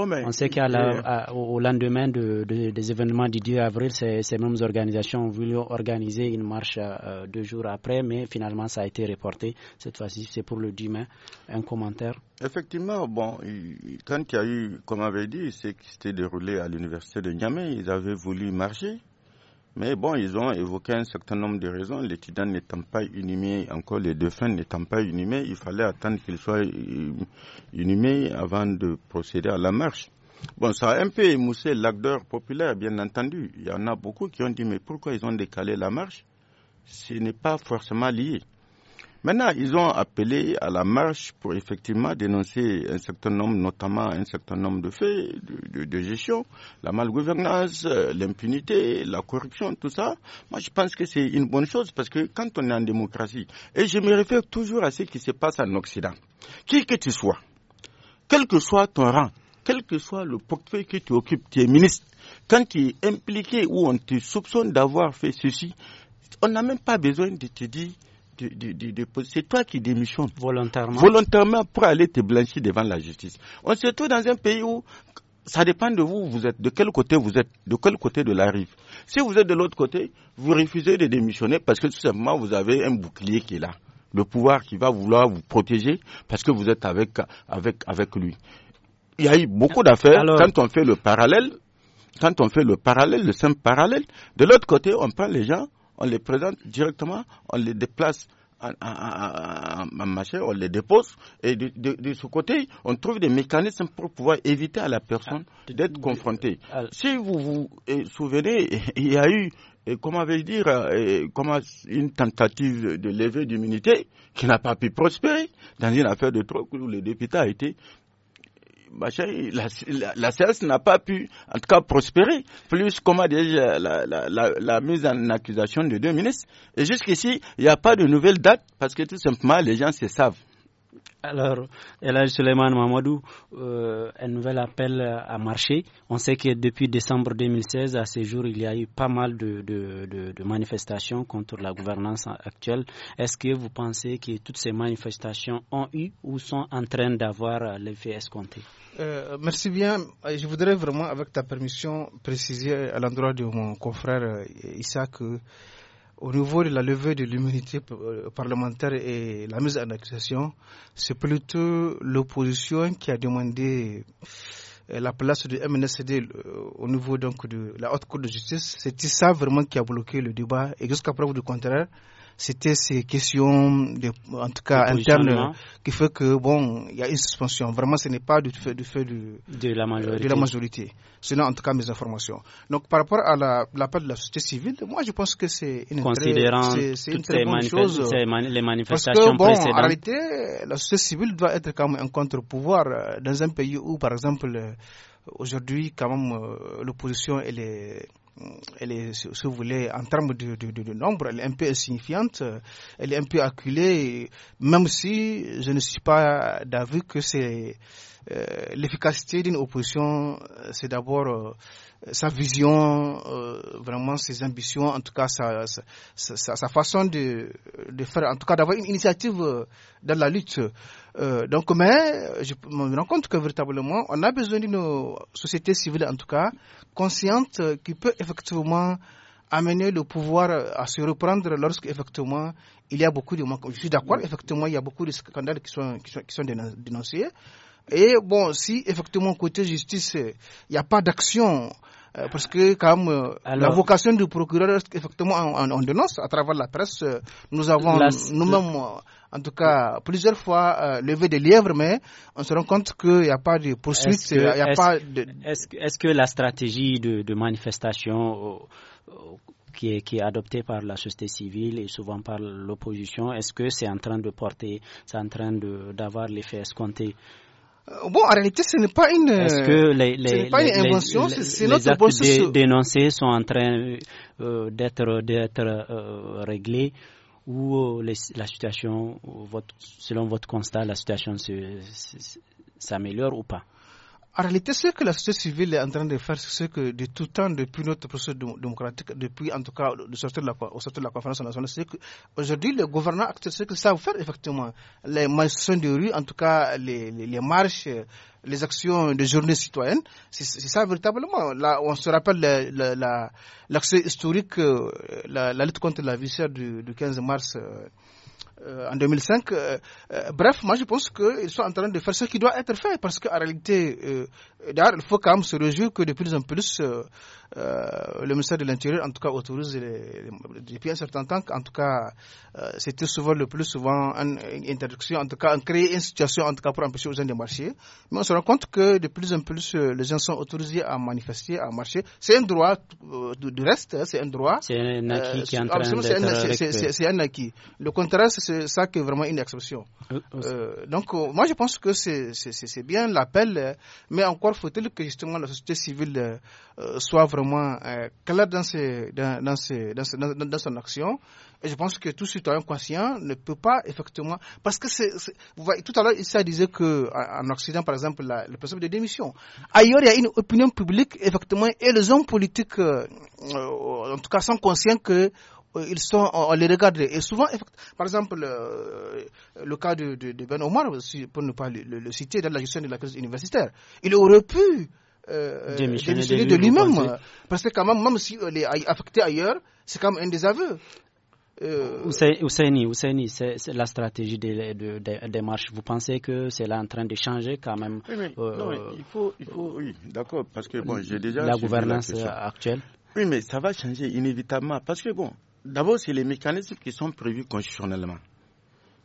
on sait qu'au lendemain des événements du 10 avril, ces, mêmes organisations ont voulu organiser une marche euh, euh, deux jours après, mais finalement ça a été reporté. Cette fois-ci, c'est pour le 10 mai. Un commentaire Effectivement, bon, quand il y a eu, comme avait dit, c'est qui s'était déroulé à l'université de Niamey, ils avaient voulu marcher. Mais bon, ils ont évoqué un certain nombre de raisons. L'étudiant n'étant pas inhumé, encore les défunts n'étant pas inhumés, il fallait attendre qu'ils soient euh, inhumés avant de procéder à la marche. Bon, ça a un peu émoussé l'acteur populaire, bien entendu. Il y en a beaucoup qui ont dit, mais pourquoi ils ont décalé la marche Ce n'est pas forcément lié. Maintenant, ils ont appelé à la marche pour effectivement dénoncer un certain nombre, notamment un certain nombre de faits de, gestion, la malgouvernance, euh, l'impunité, la corruption, tout ça. Moi, je pense que c'est une bonne chose parce que quand on est en démocratie, et je me réfère toujours à ce qui se passe en Occident, qui que tu sois, quel que soit ton rang, quel que soit le portefeuille que tu occupes, tu es ministre, quand tu es impliqué ou on te soupçonne d'avoir fait ceci, on n'a même pas besoin de te dire c'est toi qui démissionnes. Volontairement. Volontairement pour aller te blanchir devant la justice. On se trouve dans un pays où ça dépend de vous, vous êtes, de quel côté vous êtes, de quel côté de la rive. Si vous êtes de l'autre côté, vous refusez de démissionner parce que tout simplement vous avez un bouclier qui est là. Le pouvoir qui va vouloir vous protéger parce que vous êtes avec, avec, avec lui. Il y a eu beaucoup d'affaires. Quand on fait le parallèle, quand on fait le parallèle, le simple parallèle, de l'autre côté, on prend les gens, on les présente directement, on les déplace en, on les dépose. Et de, ce côté, on trouve des mécanismes pour pouvoir éviter à la personne ah, d'être confrontée. Euh, euh, si vous vous euh, souvenez, (laughs) il y a eu, comment vais-je dire, une tentative de levée d'immunité qui n'a pas pu prospérer dans une affaire de troc où le député a été la, la, n'a pas pu, en tout cas, prospérer. Plus, comment déjà la, la, mise en accusation de deux ministres. Et jusqu'ici, il n'y a pas de nouvelle date parce que tout simplement, les gens se savent. Alors, Elage Suleiman Mamadou, euh, un nouvel appel à marcher. On sait que depuis décembre 2016, à ce jour, il y a eu pas mal de, manifestations contre la gouvernance actuelle. Est-ce que vous pensez que toutes ces manifestations ont eu ou sont en train d'avoir l'effet escompté euh, Merci bien. Euh, je voudrais vraiment, avec ta permission, préciser à l'endroit de mon confrère Issa que au niveau de la levée de l'immunité euh, parlementaire et la mise en accusation, c'est plutôt l'opposition qui a demandé euh, la place du MNSD euh, au niveau donc de la Haute Cour de justice. C'est ça vraiment qui a bloqué le débat. Et jusqu'à preuve du contraire, c'était ces questions, en tout cas internes, qui fait que, bon, il y a une suspension. Vraiment, ce n'est pas du fait, du fait de, la majorité. de la majorité. en tout cas, mes informations. Donc, par rapport à l'appel la, de la société civile, moi, je pense que c'est une très, bonne chose. les manifestations Parce que, bon, en réalité, la société civile doit être quand même un contre-pouvoir euh, dans un pays où, par exemple, euh, aujourd'hui, quand même, euh, l'opposition, elle est euh, elle est, si vous voulez, en termes de, nombre, elle est un peu insignifiante, euh, elle est un peu acculée, même si je ne suis pas d'avis que c'est euh, l'efficacité d'une opposition, c'est d'abord sa vision, euh, vraiment ses ambitions, en tout cas sa, sa, sa, façon de, de, faire, en tout cas d'avoir une initiative euh, dans la lutte. Euh, donc, mais je me rends compte que véritablement, on a besoin d'une société civile, en tout cas, consciente, qui peut effectivement amener le pouvoir à se reprendre lorsqu'effectivement, il y a beaucoup de Je suis d'accord, effectivement, il y a beaucoup de scandales qui sont, qui sont, qui sont dénoncés. Et bon, si effectivement côté justice, il n'y a pas d'action euh, parce que comme euh, la vocation du procureur, effectivement, on, dénonce à travers la presse. Nous avons nous-mêmes, en tout cas, plusieurs fois euh, levé des lièvres, mais on se rend compte qu'il n'y a pas de poursuite. Est-ce que, a pas de... est-ce, est que la stratégie de, manifestation qui, est, qui est, adoptée par la société civile et souvent par l'opposition, est-ce que c'est en train de porter, c'est en train d'avoir l'effet escompté euh, bon, en réalité, ce n'est pas une, Est-ce que les, pas une invention, c'est actes dénoncés sont en train euh, d'être d'être euh, réglés ou la situation, votre, selon votre constat, la situation s'améliore ou pas en réalité, ce que la société civile est en train de faire, c'est ce que de tout temps, depuis notre processus démocratique, depuis en tout cas de sortir de la, au de la conférence nationale, c'est que, aujourd'hui le gouvernement, actuels, ce ça savent faire effectivement, les manifestations de rue, en tout cas les, marches, les actions de journée citoyenne, c'est ça véritablement. Là, on se rappelle l'accès historique, euh, la, lutte contre la viscère du, du 15 mars. Euh, euh, en 2005. Euh, euh, bref, moi je pense qu'ils sont en train de faire ce qui doit être fait parce qu'en réalité, d'ailleurs, il faut quand même se réjouir que de plus en plus euh, le ministère de l'Intérieur, en tout cas, autorise depuis un certain temps, en tout cas, euh, c'était souvent le plus souvent une interdiction, en tout cas, créer une situation, en tout cas, pour empêcher aux gens de marcher. Mais on se rend compte que de plus en plus, euh, les gens sont autorisés à manifester, à marcher. C'est un droit, du reste, hein, c'est un droit. C'est un acquis qui est C'est un, acquis. Le contraire, c'est ça qui est vraiment une exception. donc, moi, je pense que c'est bien l'appel, hein. mais encore faut-il que justement la société civile soit vraiment Moins euh, clair dans, son action. Et je pense que tout citoyen conscient ne peut pas effectivement. Parce que tout à l'heure, s'est disait qu'en Occident, par exemple, le principe de démission. Ailleurs, il y a une opinion publique, effectivement, et les hommes politiques, euh, euh, en tout cas, sont conscients que ils sont, on les regarde. Et souvent, par exemple, le, cas de, Ben Omar, pour ne pas le, le, citer, dans la gestion de la crise universitaire, il aurait pu euh, euh, de lui-même. Parce que quand même, même si si est affecté ailleurs, c'est quand même un désaveu. Euh... Ousseini, c'est la stratégie des de, Vous pensez que c'est là en train de changer quand même Oui, euh, mais, non, il, faut, il faut, oui, d'accord, parce que bon, j'ai déjà. La gouvernance actuelle Oui, mais ça va changer inévitablement. Parce que bon, d'abord, c'est les mécanismes qui sont prévus constitutionnellement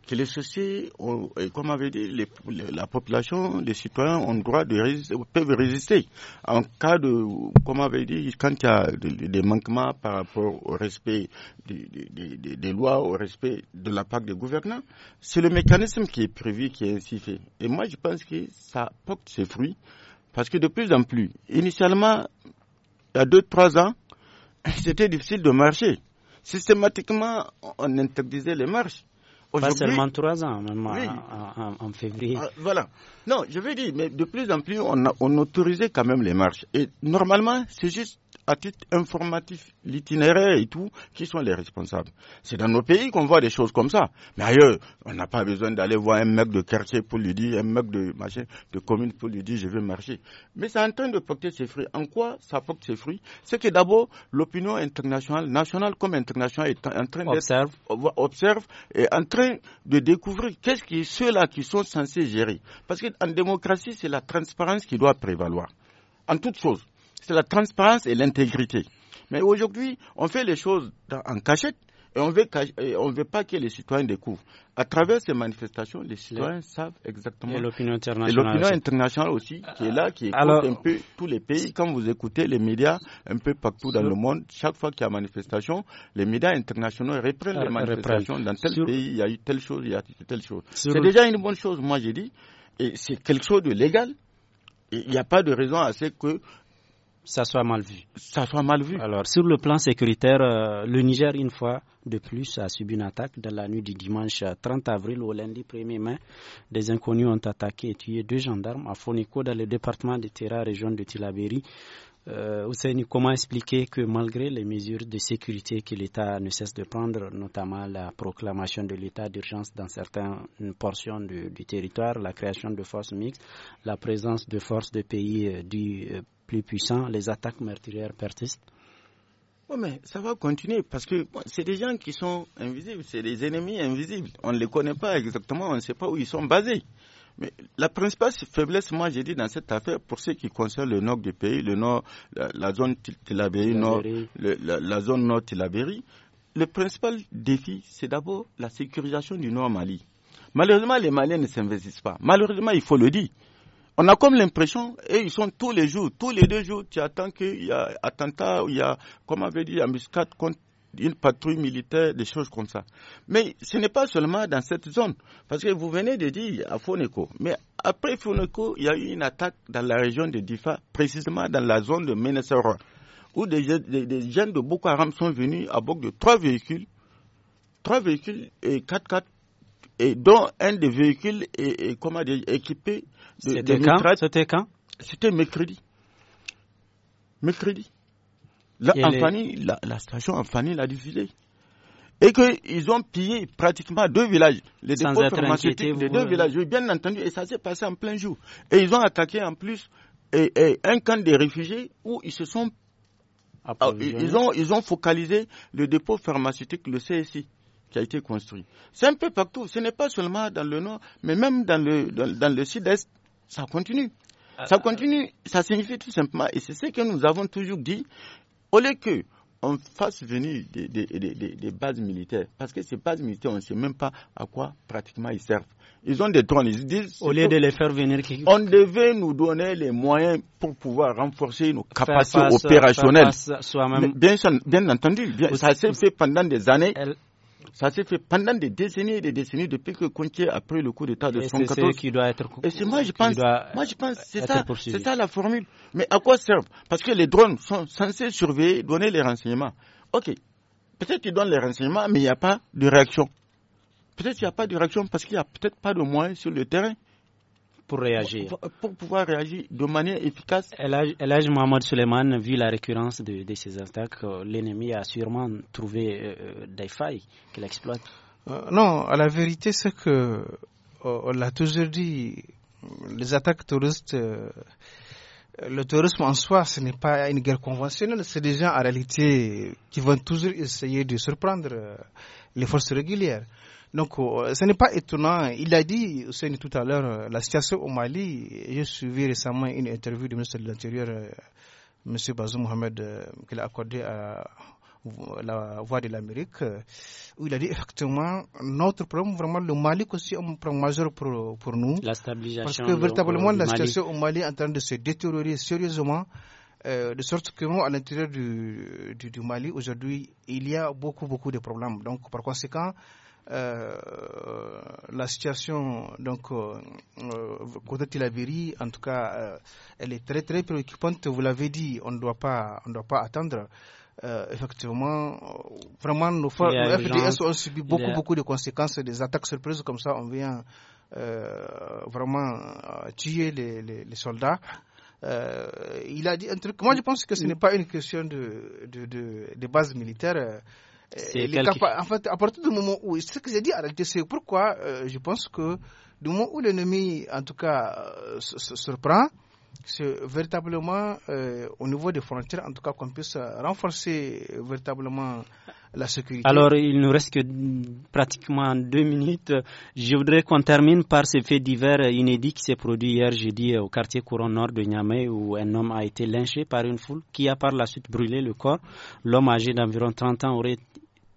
que les sociétés, ont, comme avait dit, la population, les citoyens ont le droit de résister, peuvent résister en cas de, comme avait dit, quand il y a des, manquements par rapport au respect des, lois, au respect de la part des gouvernants. C'est le mécanisme qui est prévu, qui est ainsi fait. Et moi, je pense que ça porte ses fruits parce que de plus en plus, initialement, il y a deux, trois ans, (laughs) c'était difficile de marcher. Systématiquement, on interdisait les marches. Pas seulement trois ans, en, février. Ah, voilà. Non, je veux dire, mais de plus en plus, on, autorisait quand même les marches. Et normalement, c'est juste à titre informatif, l'itinéraire et tout, qui sont les responsables. C'est dans nos pays qu'on voit des choses comme ça. Mais ailleurs, on n'a pas besoin d'aller voir un mec de quartier pour lui dire, un mec de machin, de commune pour lui dire, je vais marcher. Mais c'est en train de porter ses fruits. En quoi ça porte ses fruits C'est que d'abord, l'opinion internationale, nationale comme internationale, est en train d'observer Observe. et en train de découvrir qu'est-ce qui ceux-là qui sont censés gérer. Parce qu'en démocratie, c'est la transparence qui doit prévaloir. En toute chose, c'est la transparence et l'intégrité. Mais aujourd'hui, on fait les choses en cachette. Et on veut, on veut pas que les citoyens découvrent. À travers ces manifestations, les citoyens savent exactement. Et l'opinion internationale. l'opinion internationale aussi, qui est là, qui écoute un peu tous les pays. Quand vous écoutez les médias un peu partout dans le monde, chaque fois qu'il y a manifestation, les médias internationaux reprennent les euh, manifestations. Dans tel pays, il y a eu telle chose, il y a eu telle chose. C'est déjà une bonne chose, moi j'ai dit. Et c'est quelque chose de légal il n'y a pas de raison à ce que ça soit mal vu. Ça soit mal vu. Alors, sur le plan sécuritaire, euh, le Niger, une fois de plus, a subi une attaque dans la nuit du dimanche 30 avril au lundi 1er mai. Des inconnus ont attaqué et tué deux gendarmes à Foniko dans le département de Terra, région de Tilaberi. Euh, Ousseini, comment expliquer que malgré les mesures de sécurité que l'État ne cesse de prendre, notamment la proclamation de l'état d'urgence dans certaines portions du, territoire, la création de forces mixtes, la présence de forces de pays euh, du, euh, plus puissants, les attaques meurtrières persistent Oui, mais ça va continuer parce que c'est des gens qui sont invisibles, c'est des ennemis invisibles. On ne les connaît pas exactement, on ne sait pas où ils sont basés. Mais la principale faiblesse, moi j'ai dit dans cette affaire, pour ce qui concerne le nord du pays, le nord, la, zone nord, la, zone nord le principal défi, c'est d'abord la sécurisation du nord Mali. Malheureusement, les Maliens ne s'investissent pas. Malheureusement, il faut le dire. On a comme l'impression, et ils sont tous les jours, tous les deux jours, tu attends qu'il y a attentat, il y a, comme avait dit, embuscade contre une patrouille militaire, des choses comme ça. Mais ce n'est pas seulement dans cette zone, parce que vous venez de dire à Foneko, mais après Foneko, il y a eu une attaque dans la région de Difa, précisément dans la zone de Menesero, où des, jeunes de Boko Haram sont venus à bord de trois véhicules, trois véhicules et quatre quatre et dont un des véhicules est, comment équipé de, C'était C'était quand C'était mercredi. Mercredi. la, station en l'a diffusé. Et qu'ils ont pillé pratiquement deux villages, les dépôts pharmaceutiques de deux euh, villages, bien entendu, et ça s'est passé en plein jour. Et ils ont attaqué en plus un camp de réfugiés où ils se sont. Ils ont, ils ont focalisé le dépôt pharmaceutique, le CSI qui a été construit. C'est un peu partout. Ce n'est pas seulement dans le nord, mais même dans le, dans, le sud-est, ça continue. Ah, ça ah, continue, ah. ça signifie tout simplement, et c'est ce que nous avons toujours dit, au lieu que on fasse venir des, des, des, bases militaires. Parce que ces bases militaires, on ne sait même pas à quoi pratiquement ils servent. Ils ont des drones, ils disent... Au lieu de les faire venir... On devait nous donner les moyens pour pouvoir renforcer nos capacités opérationnelles. bien, entendu, bien, ça s'est fait pendant des années. Ça s'est fait pendant des décennies et des décennies depuis que Contier a pris le coup d'État de son qui doit être. c'est moi je pense. Moi ça, c'est ça la formule. Mais à quoi servent Parce que les drones sont censés surveiller, donner les renseignements. Ok, peut-être qu'ils donnent les renseignements, mais il n'y a pas de réaction. Peut-être qu'il n'y a pas de réaction parce qu'il n'y a peut-être pas de moyens sur le terrain pour réagir pour, pouvoir réagir de manière efficace. Elage Mohamed Suleiman, vu la récurrence de, de ces attaques, euh, l'ennemi a sûrement trouvé euh, euh, des failles qu'il exploite. non, la vérité c'est que, on l'a toujours dit, les attaques terroristes, le terrorisme en soi, ce n'est pas une guerre conventionnelle, c'est des gens en réalité qui vont toujours essayer de surprendre les forces régulières. Donc, euh, ce n'est pas étonnant. Il a dit, tout à l'heure, euh, la situation au Mali. J'ai suivi récemment une interview du ministre de l'Intérieur, euh, M. Bazoum Mohamed, qu'il a accordée à la voix de l'Amérique, où il a dit effectivement notre problème, vraiment le Mali aussi un problème majeur pour, pour nous. La stabilisation. Parce que véritablement la situation au Mali est en train de se détériorer sérieusement. de sorte que à l'intérieur du, du Mali, aujourd'hui, il y a beaucoup, beaucoup de problèmes. Donc, par conséquent, euh, la situation donc euh, euh, côté Tilabiri, en tout cas, elle est très très préoccupante. Vous l'avez dit, on ne doit pas on doit pas attendre. effectivement, vraiment, nos, FDS ont subi beaucoup beaucoup de conséquences des attaques surprises comme ça. On vient vraiment tuer les, soldats. il a dit un truc. Moi, je pense que ce mm. n'est pas une question de, de, de base militaire. En fait, à partir du moment où, ce que j'ai dit en c'est pourquoi euh, je pense que du moment où l'ennemi, en tout cas, euh, se, se, surprend, c'est véritablement euh, au niveau des frontières, en tout cas, qu'on puisse renforcer véritablement la sécurité. Alors, il nous reste que pratiquement deux minutes. Je voudrais qu'on termine par ce fait divers inédit qui s'est produit hier jeudi au quartier courant nord de Niamey où un homme a été lynché par une foule qui a par la suite brûlé le corps. L'homme âgé d'environ 30 ans aurait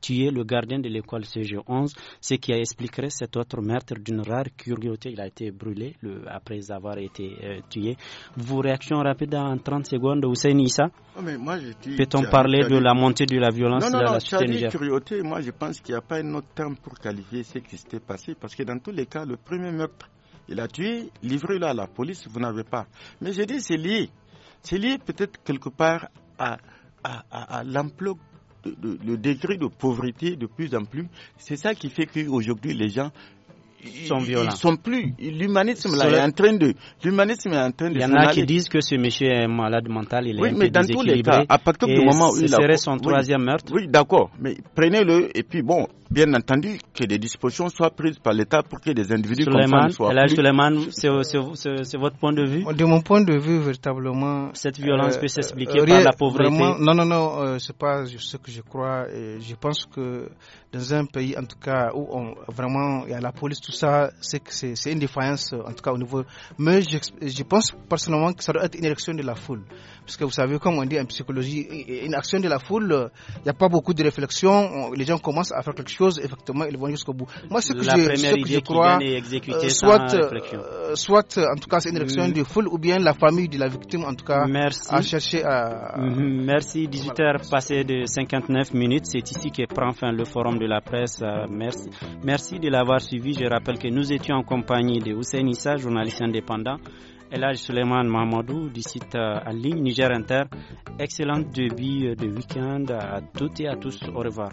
tué le gardien de l'école CG11, ce qui expliquerait cet autre meurtre d'une rare curiosité. Il a été brûlé le, après avoir été euh, tué. Vos réactions rapides en 30 secondes, Hussein Issa ah, Peut-on parler de la montée de la violence non, non, non, la curiosité, moi je pense qu'il n'y a pas un autre terme pour qualifier ce qui s'était passé, parce que dans tous les cas, le premier meurtre, il a tué, livré là à la police, vous n'avez pas. Mais je dis c'est lié. C'est lié peut-être quelque part à, à, à l'ampleur le degré de pauvreté de plus en plus. C'est ça qui fait qu'aujourd'hui, les gens sont violents. Ils sont plus. L'humanisme est en train de. L'humanisme est en train de. Il y en a qui disent que ce monsieur est malade mental. Il est oui, mais dans tous les cas, à partir du moment où il Ce serait son troisième meurtre. Oui, d'accord. Mais prenez-le et puis bon, bien entendu, que des dispositions soient prises par l'État pour que des individus soient comme ça ne soient c'est votre point de vue De mon point de vue, véritablement... Cette violence euh, peut euh, s'expliquer par la pauvreté Non, non, non, euh, c'est pas ce que je crois. je pense que dans un pays, en tout cas, où on, vraiment il y a la police, tout ça, c'est c'est une défaillance, en tout cas au niveau... Mais je, je, pense personnellement que ça doit être une élection de la foule. Parce que vous savez, comme on dit en psychologie, une action de la foule, il n'y a pas beaucoup de réflexion. Les gens commencent à faire quelque chose effectivement, ils vont jusqu'au bout. Moi, ce que la je, première idée je crois, euh, soit, euh, soit, euh, en tout cas, c'est une réaction mm. de foule, ou bien la famille de la victime, en tout cas, Merci. a cherché à... Mm-hmm. Merci. 18 heures h passées de 59 minutes. C'est ici que prend fin le forum de la presse. Merci. Merci de l'avoir suivi. Je rappelle que nous étions en compagnie de Hussein Issa, journaliste indépendant. Elage Suleiman Mamadou du site en ligne Niger Inter. Excellent début de week-end à toutes et à tous. Au revoir.